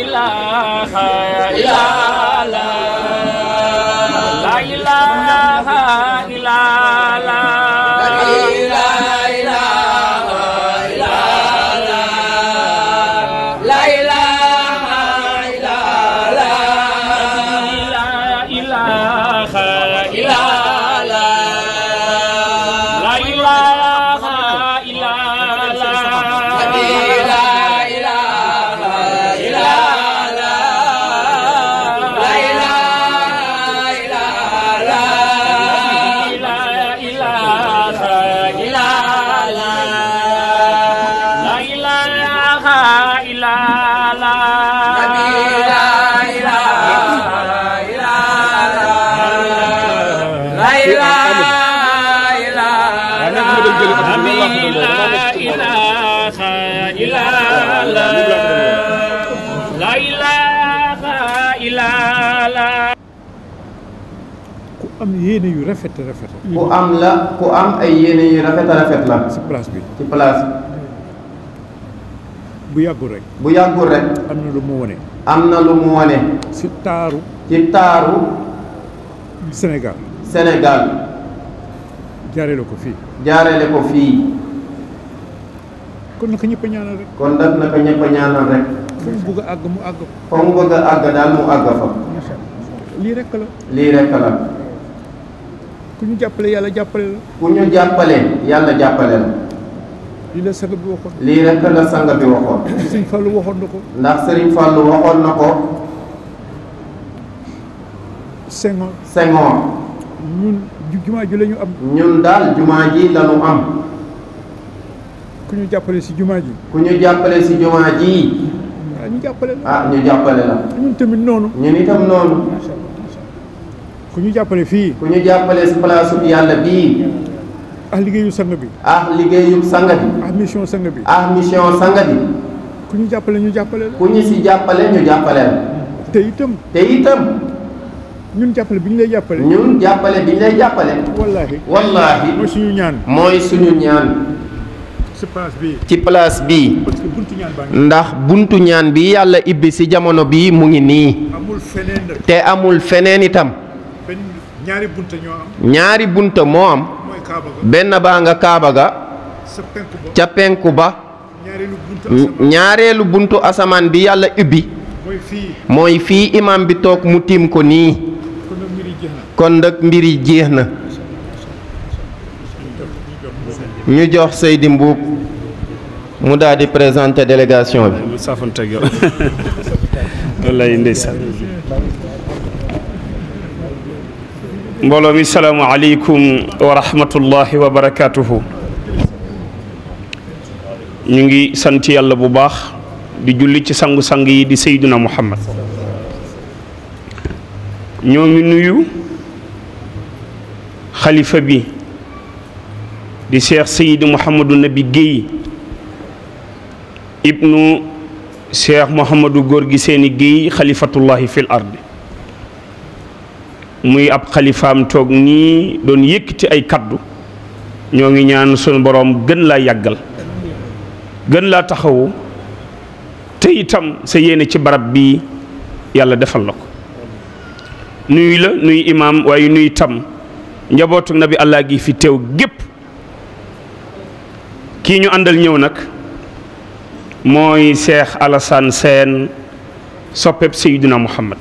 إله إلا الله لا إله ku am yéene yu rafet rafet la. ku am la ku am ay yéene yu rafet rafet la. ci place bi ci place bu yàggul rek. bu yàggul rek. am na lu mu wone. am na lu mu wone. ci taaru. ci taaru. Sénégal. Sénégal. jaareele ko fii. jaareele ko fii. kon naka ñëpp a ñaanal rek. kon nag naka ñaanal rek. fa mu bëgg àgg mu àgg. fa mu bëgg àgg daal mu àgg fa. lii rek la. lii rek la. ku ñu jàppale yàlla jàppale la. ku ñu jàppale yàlla jàppale la. lii la sang bi waxoon. lii rek la sang bi waxoon. Serigne Fallou waxoon na ko. ndax Serigne Fallou waxoon na ko. Senghor. Senghor. ñun jumaa ji la am. ñun daal jumaa ji la ñu am. ku ñu jàppale si jumaa ji. ku ñu jàppale si jumaa ji. ah ñu jàppale la ah, ñu jàppale la. ñun tamit noonu. ñun itam noonu. ku ñu jàppale fii. ku ñu jàppale si place yàlla bii. ah liggéeyu sang bi. ah liggéeyu sang bi. ah mission sang bi. ah mission sang bi. ku ñu jàppale ñu jàppale la. ku ñu si jàppale ñu jàppale la. te itam. ñun jàppale bi ñu lay jàppale. bi ñu lay jàppale. wallaahi mooy suñu ñaan ci place bii. ndax buntu ñaan bi yàlla ibbi si jamono bii mu ngi nii. te amul feneen itam. ñaari bunta ñoo moo am. benn baa nga kaaba ga. ca penku ba. ñaareelu bunt asamaan bi yàlla ibbi. mooy fii imaam bi toog mu tiim ko nii. kon nag mbir yi jeex na ñu jox saydi Mbuub mu daldi di présenter délégation bi. mbooloo mi salaamualeykum wa rahmatullahi wa barakaatuhu. ñu ngi sant yàlla bu baax di julli ci sangu-sang yi di Seydina Muhammad ñoo ngi nuyu. xalifa bi di cheikh sayid mouhamadou nabi géey ibnu cheikh mouhamadou góor gi seeni géey xalifatullahi fil ard muy ab xalifaam toog nii doon yëkkati ay kàddu ñoo ngi ñaan sunu boroom gën laa yàggal gën laa taxawu te itam sa yéene ci barab bi yàlla defal na ko nuyu la nuy imaam waaye nuy tam njabootu nabi allah gi fi teew gépp kii ñu àndal ñëw nag mooy seex Alassane Sène soppeb Seydina Muhammad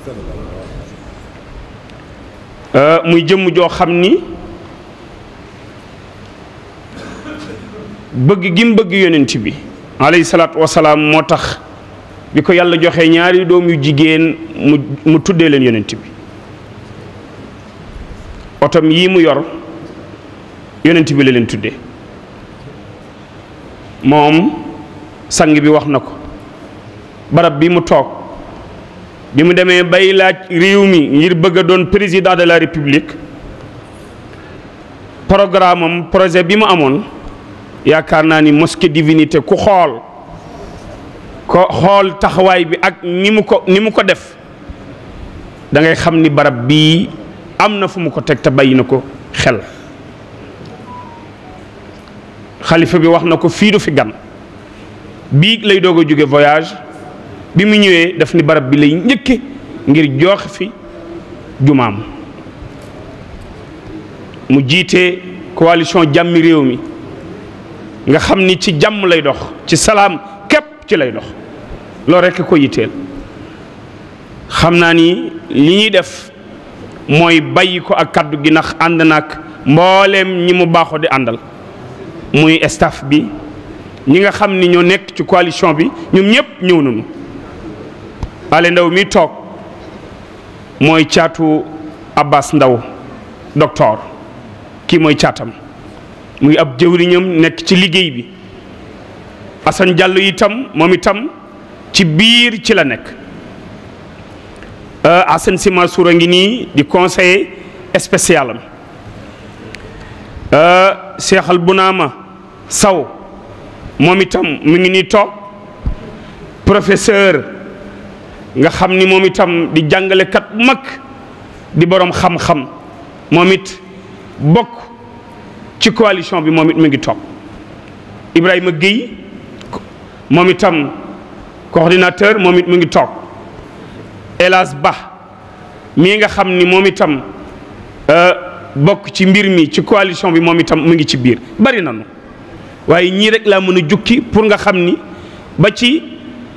euh, muy jëmm joo xam ni bëgg gi mu bëgg yonent bi alayhi salaatu wasalaam moo tax bi ko yàlla joxe ñaari doom yu jigéen mu mu tuddee leen yonent bi otom yii mu yor yonent bi la leen tudde moom sang bi wax na ko barab bi mu toog bi mu demee bay laaj réew mi ngir bëgg a doon président de la république programme am projet bi mu amoon yaakaar naa ni mosquée divinité ku xool ko xool taxawaay bi ak ni mu ko ni mu ko def da xam ni barab bii am na fu mu ko teg te bàyyi na ko xel xalifa bi wax na ko fii du fi gan bii lay doog a jóge voyage bi mu ñëwee daf ni barab bi lay njëkke ngir jooxe fi jumaam mu jiite coalition jàmmi réew mi nga xam ni ci jàmm lay dox ci salaam képp ci lay dox loolu rekk ko yitteel xam naa ni li ñuy def mooy bàyyi ko ak kàddu gi ndax ànd naag mbooleem ñi mu baaxoo di àndal muy staff bi ñi nga xam ni ñoo nekk ci coalition bi ñoom ñëpp ñëw nañu ale ndaw mi toog mooy caatu Abbas Ndaw docteur kii mooy caatam muy ab jëwriñam nekk ci liggéey bi Assane Diallo itam moom itam ci biir ci la nekk Euh, Assane Sy Mansour a ngi nii di conseiller spécial bu naa ma Saw moom itam mu ngi nii toog professeur nga xam ni moom itam di jàngalekat bu mag di boroom xam-xam moom it bokk ci coalition bi moom it mu ngi toog Ibrahima Guèye moom itam coordinateur moom it mu ngi toog Elaas Ba mii nga xam ni moom itam euh, bokk ci mbir mi ci coalition bi moom itam mu ngi ci biir bari nanu waaye ñii rek laa mën a jukki pour nga xam ni ba ci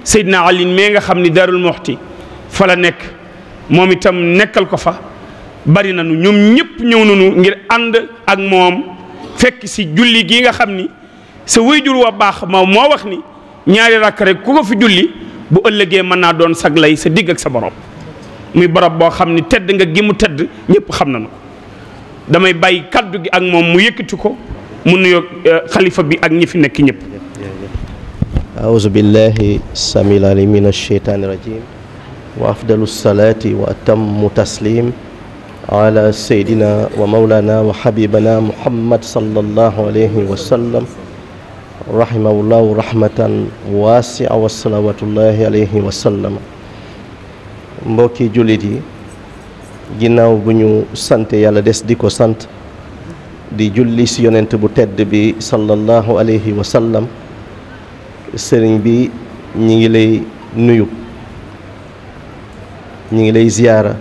Seydina Ali mee nga xam ni Darul Moxti fa la nekk moom itam nekkal ko fa bari na nanu ñoom ñëpp ñëw nanu ngir ànd ak moom fekk si julli gi nga xam ni sa jur wa baax ma moo wax ni ñaari rakk rek ku ko fi julli bu ëllëgee mën naa doon saglay sa digg ak sa borom muy borom boo xam ni tedd nga gi mu tedd ñëpp xam na ko damay bàyyi kàddu gi ak moom mu yëkkati ko mu nuyoo euh, xalifa bi ak ñi fi nekk ñëpp auzu billahi samil alim min asheytaani rajim wa afdalu salaati wa atammu taslim ala seydina wa maulana wa habibana muhammad sallallahu alayhi wa sallam rahimahullahu rahmatan aw wa salawatullahi alayhi wa sallam mbokki jullit yi ginnaaw bu ñu sant yàlla des di ko sant di julli si yonent bu tedd bi sallallahu alayhi wa sëriñ bi ñu ngi lay nuyu ñu ngi lay ziyaara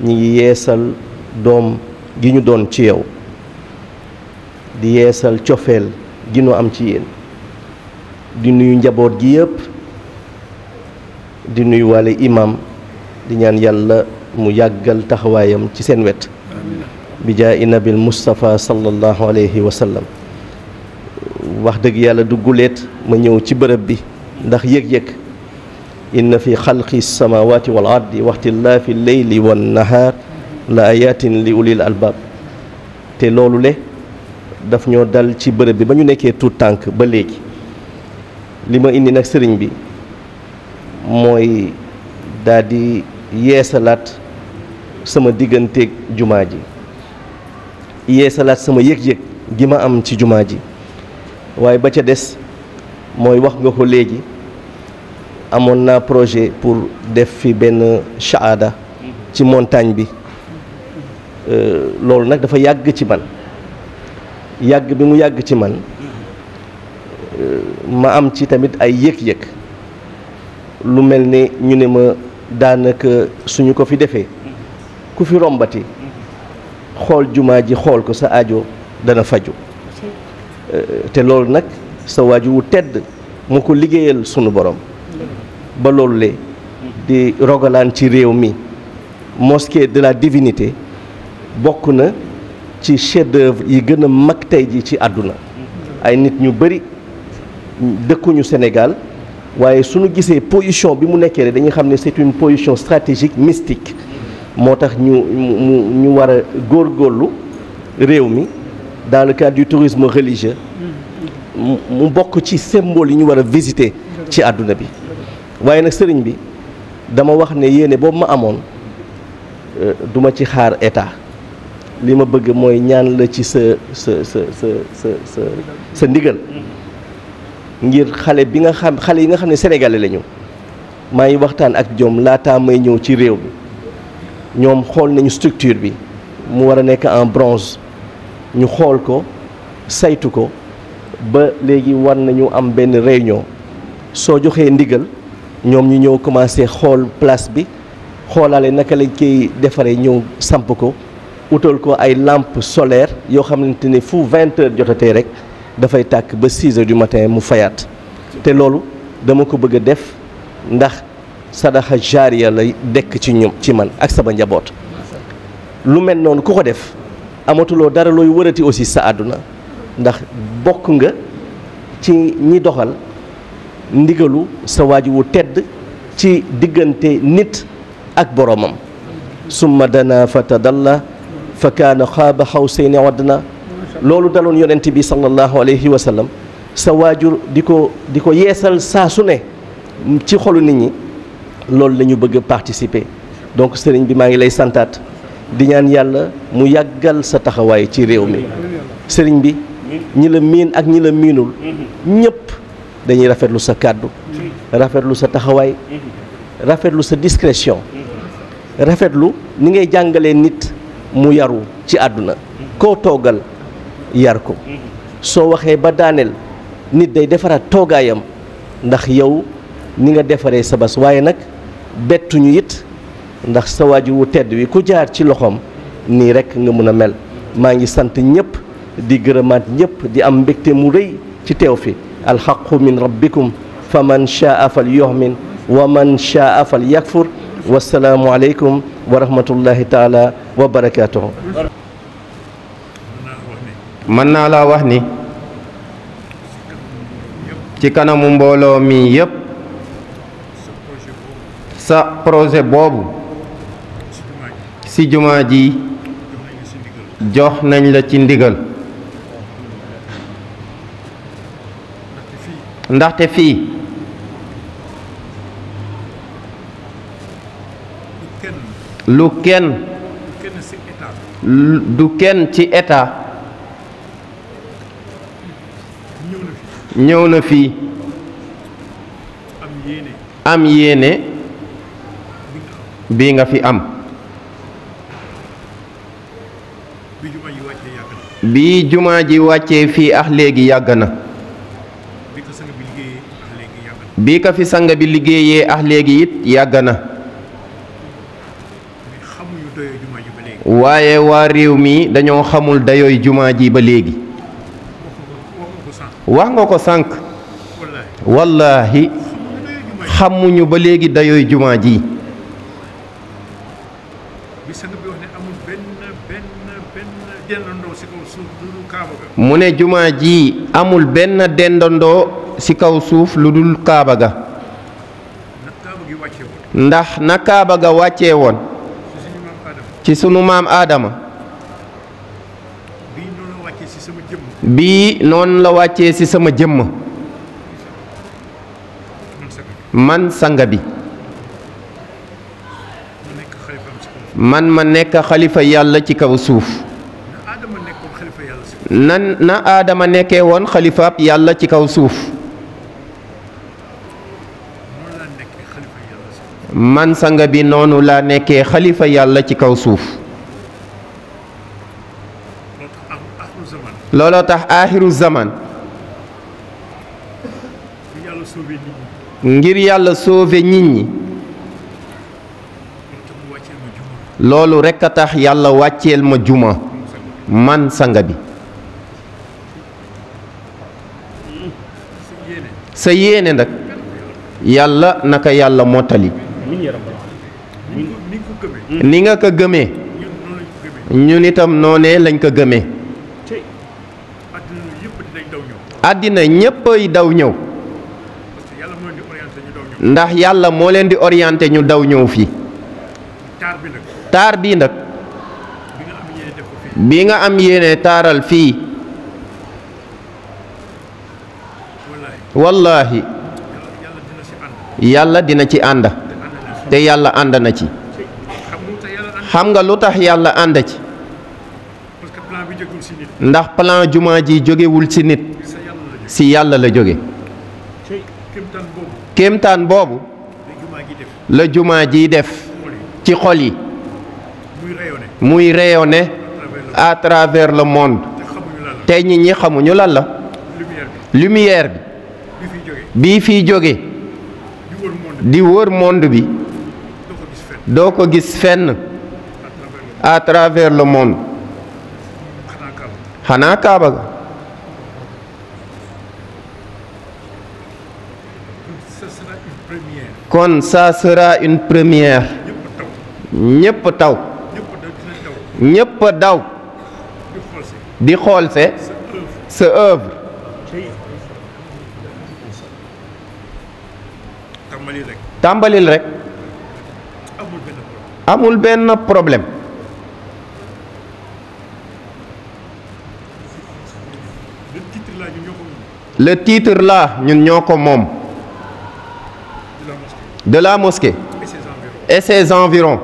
ñu ngi yeesal doom gi ñu doon ci yow di yeesal cofeel gi nu am ci yéen di nuyu njaboot gi yëpp di nuyu waale imam di ñaan yàlla mu yàggal taxawaayam ci seen wet bi jaay nabil Moustapha sallallahu alayhi wa sallam wax dëgg yàlla du guleet ma ñëw ci bërëb bi ndax yëg-yëg na fi xalqi samawati wal ardi waxtilaafi leyli wan nahaar la ayatin li ulil albaab te loolu le daf ñoo dal ci bërëb bi ba ñu nekkee tuut tànk ba léegi li ma indi nag sëriñ bi mooy daal di yeesalaat sama digganteeg jumaa ji yeesalaat sama yëg-yëg gi ma am ci jumaa ji waaye ba ca des mooy wax nga ko léegi amoon naa projet pour def fi benn shaada ci montagne bi euh, loolu nag dafa yàgg ci man yàgg bi mu yàgg ci man ma am ci tamit ay yëg-yëg lu mel ni ñu ne ma daanaka suñu ko fi defee ku fi rombati xool jumaa ji xool ko sa ajo dana faju te loolu nag sa waaju wu tedd mu ko liggéeyal sunu borom ba loolu le di rogalaan ci réew mi mosquée de la divinité bokk na ci chet d'œuvre yi gën a mag tey ji ci àdduna ay nit ñu bëri dëkkuñu Sénégal waaye suñu gisee position bi mu nekkee rek dañuy xam ne c'est une position stratégique mystique moo tax ñu mu ñu war a góorgóorlu réew mi dans le cadre du tourisme religieux mu bokk ci symbole yi ñu war a visiter ci àdduna bi waaye nag sëriñ bi dama wax ne yéene boobu ma amoon euh, duma ci xaar état li ma bëgg mooy ñaan la ci sa sa sa sa sa sa sa ndigal ngir xale bi nga xam xale yi nga xam ne sénégalais lañu maa ngi waxtaan ak jom laataa may ñëw ci réew bi ñoom xool nañu structure bi mu war a nekk en bronze ñu xool ko saytu ko ba léegi war nañu am benn réunion soo joxee ndigal ñoom ñu ñëw commencé xool place bi xoolaale naka lañ koy defaree ñëw samp ko wutal ko ay làmp solaire yoo xamante ni fu vingt heures jotatee rek dafay tàkk ba six heures du matin mu fayaat te loolu dama ko bëgg a def ndax sadaxa jaariya lay dekk ci ñoom ci man ak saba njaboot lu mel noonu ku ko def amatuloo dara looy wërati aussi sa àdduna ndax bokk nga ci ñi doxal ndigalu sa waaju wu tedd ci diggante nit ak boroomam summa dana fa tadalla fa kaana xaaba xawsayni na loolu daloon yonent bi sallallahu alayhi wa sallam sa waajur di ko di ko yeesal saa su ne ci xolu nit ñi loolu la ñu bëgg a donc sëriñ bi maa ngi lay santaat di ñaan yàlla mu yàggal sa taxawaay ci réew mi sëriñ bi ñi la miin ak ñi la miinul ñëpp dañuy rafetlu sa kàddu rafetlu sa taxawaay rafetlu sa discrétion rafetlu ni ngay jàngalee nit mu yaru ci àdduna koo toogal yar ko soo waxee ba daaneel nit day defaraat toogaayam ndax yow ni nga defaree sa bas waaye nag bettuñu yitt ndax sa waajur wu tedd wi ku jaar ci loxoom nii rekk nga mën a mel maa ngi sant ñëpp di gërëmaat ñëpp di am mbégte mu rëy ci teew fi alxaqu min rabbikum fa man shaa fal wa man shaa fal yakfur wassalaamu aleykum wa rahmatullahi taala wa barakaatuhu mën naa laa wax ni ci kanamu mbooloo mi yépp sa projet boobu si jumaa ji jox nañ la ci ndigal ndaxte fii lu kenn du kenn ci état ñëw na fii am yéene bi nga fi am bi jumaa ji wàccee fii ax léegi yàgg na bii ko fi sang bi liggéeyee ax léegi it yàgg na waaye waa réew mi dañoo xamul dayooy jumaa ji ba léegi wax nga ko sànq wallaahi xamuñu ba léegi dayooy jumaa ji mu ne jumaa ji amul benn dendandoo ci kaw suuf lu dul kaaba ga ndax na kaaba ga wàcce woon ci sunu maam aadama bii noon la wàcce ci sama jëmm man sanga bi man ma nekk xalifa yàlla ci kaw suuf nan na aadama nekkee woon xalifaab yàlla ci kaw suuf man sanga bi noonu laa nekke xalifa yàlla ci kaw suuf looloo tax aaxiru zaman ngir yàlla sauver nit ñi loolu rekk a tax yàlla wàcceel ma juma man sanga bi sa yéene nag yàlla naka yàlla mottali ni nga hmm. ko gëmee ñun itam noonee lañ ko gëme àddina ñépp ay daw ñëw ndax yàlla moo leen di orienté ñu daw ñëw fii taar bii nag bi nga am yéene taaral fii wallaahi yàlla dina ci ànd te yàlla ànd na ci xam nga lu tax yàlla ànd ci ndax plan jumaa ji jógewul ci nit ci yàlla la jóge kéemtaan boobu la jumaa ji def ci xol yi muy rayonné à travers le monde te ñi ñi xamuñu lan la lumière bi bii fiy jóge di wër monde bi doo ko gis fenn àtravers le monde xanaa kaaba ga kon ça une première ñépp taw ñépp daw di xool sa œuvre tàmbalil rek amul benn problème le titre là ñun ñoo ko moom de la mosquée et ses environs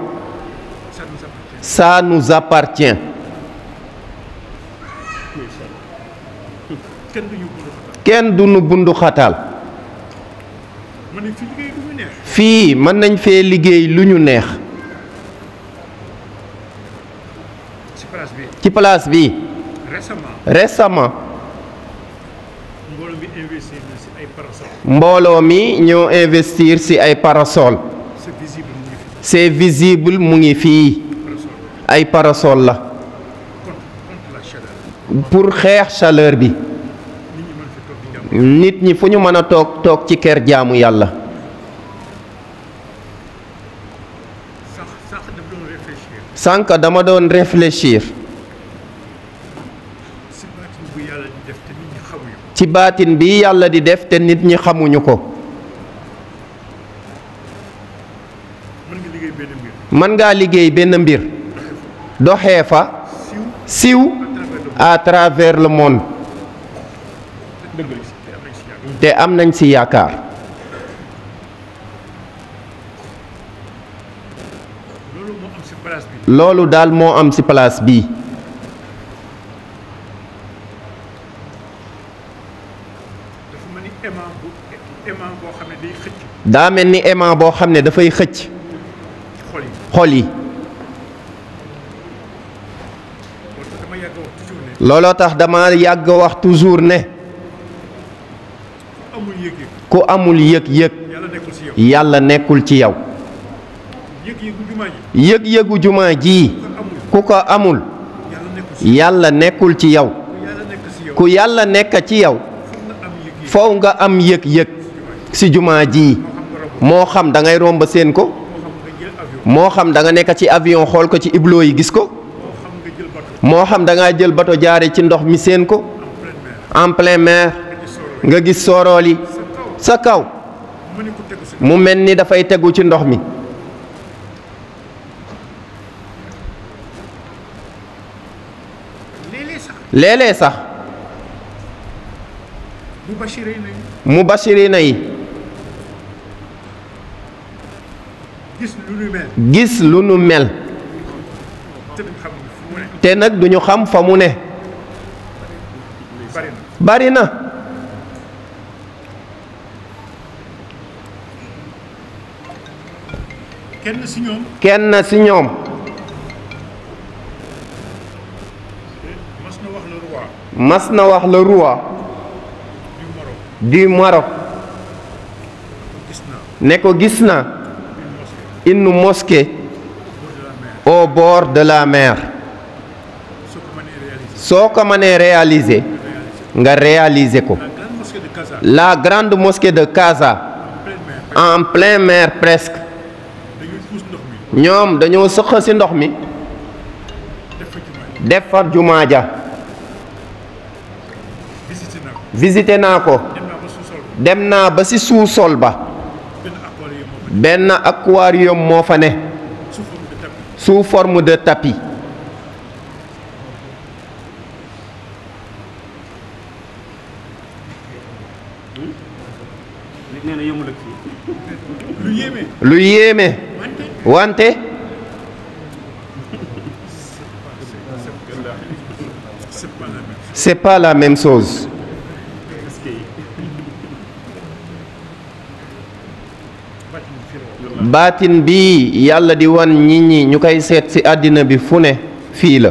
ça nous kenn du ñu bundu fii mën nañ fee liggéey lu ñu neex ci palaas bi récemment mbooloo mi ñoo investir si ay parasol c'est visible mu ngi fii ay parasol la pour xeex chaleur bi nit ñi fu ñu mën a toog toog ci kër jaamu yàlla sànq dama doon réfléchir ci baatin bi yàlla di def te nit ñi xamuñu ko mën ngaa liggéey benn mbir doxee fa siiw à travers te am nañ ci yaakaar loolu daal moo am ci place bi daa mel ni aimant boo xam ne dafay xëcc xol yi looloo tax dama yàgg wax toujours ne ku amul yëg-yëg yàlla nekkul ci yow yëg-yëgu jumaa ji ku ko amul yàlla nekkul ci yow ku yàlla nekk ci yow faw nga am yëg-yëg si jumaa ji moo xam dangay romb séen ko moo xam danga nekk ci avion xool ko ci ibloo yi gis ko moo xam da jël bato jaare ci ndox mi séen ko en plein nga gis soorool yi sa kaw mu mel ni dafay tegu ci ndox mi léeg sax mu na yi gis lu nu mel. te nag duñu xam fa mu ne. bari na. kenn si ñoom. kenn mas na wax le roi. mas na wax ne ko gis naa. une moske au bord de la mer soo ko mënee réaliser nga réaliser ko la grande mosquée de Casa en plein mer presque ñoom dañoo sëq ci ndox mi def fa jumaa ja visité naa ko dem naa ba ci sous-sol ba benn aquarium moo fa ne sous forme de tapis lu yéeme wante c'est pas la baatin bi yàlla di wan ñi ñi ñu koy seet ci àddina bi fu ne fii la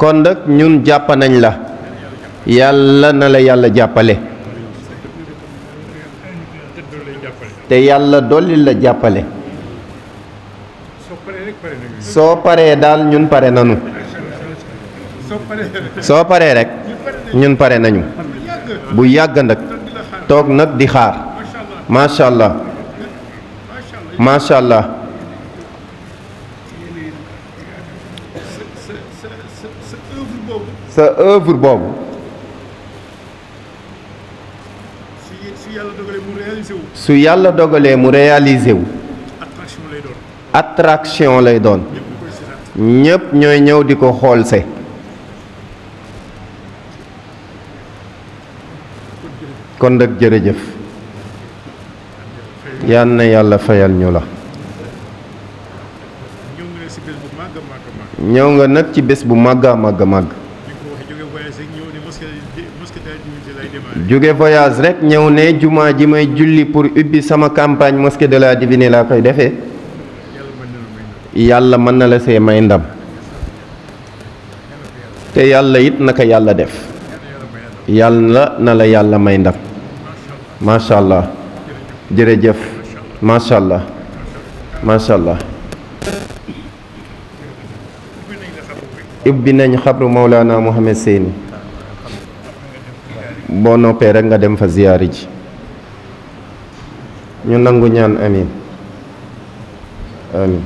kon nag ñun jàpp nañ la yàlla na la yàlla jàppale te yàlla dolli la jàppale soo paree daal ñun pare nanu soo paree rekk ñun pare nañu bu yàgg nag toog nag di xaar macha allah macha allah sa œuvre boobu su yàlla dogalee mu réaliser wu attraction lay doon ñépp ñooy ñëw di ko xoolse kon nag jërëjëf yal na yàlla fayal ñu la ñëw nga nag ci bés bu màgg a a màgg jóge voyage ñëw ne jumaa ji may julli pour ubbi sama campagne mosquée de la divinité koy defee yàlla mën na la see may ndam te yàlla it naka yàlla def yàlla na la yàlla may ndam macha allah jërëjëf macha allah macha allah ibbi nañ xabru Mawlana Mohamed Seyni boo noppee rek nga dem fa ziyaari ji ñu nangu ñaan amin amin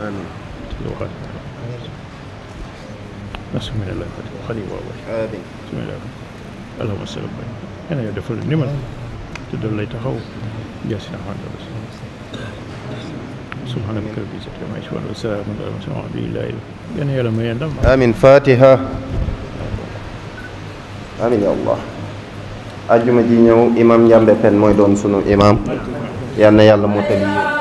amin نصف من الأفات وخلي waaw amiin bisimilah allahumma salli wa sallim yal na yow defal ni ma te doon lay taxaw jaasi na xamante ne subhanaka rabbi izzati amma yasifun wa salaamun alal mursaliin yal na yàlla may ndam amiin fatiha amiin ya allah ajjuma ji ñëw imam Ndiambe Pène mooy doon sunu imam yal na yàlla moo tali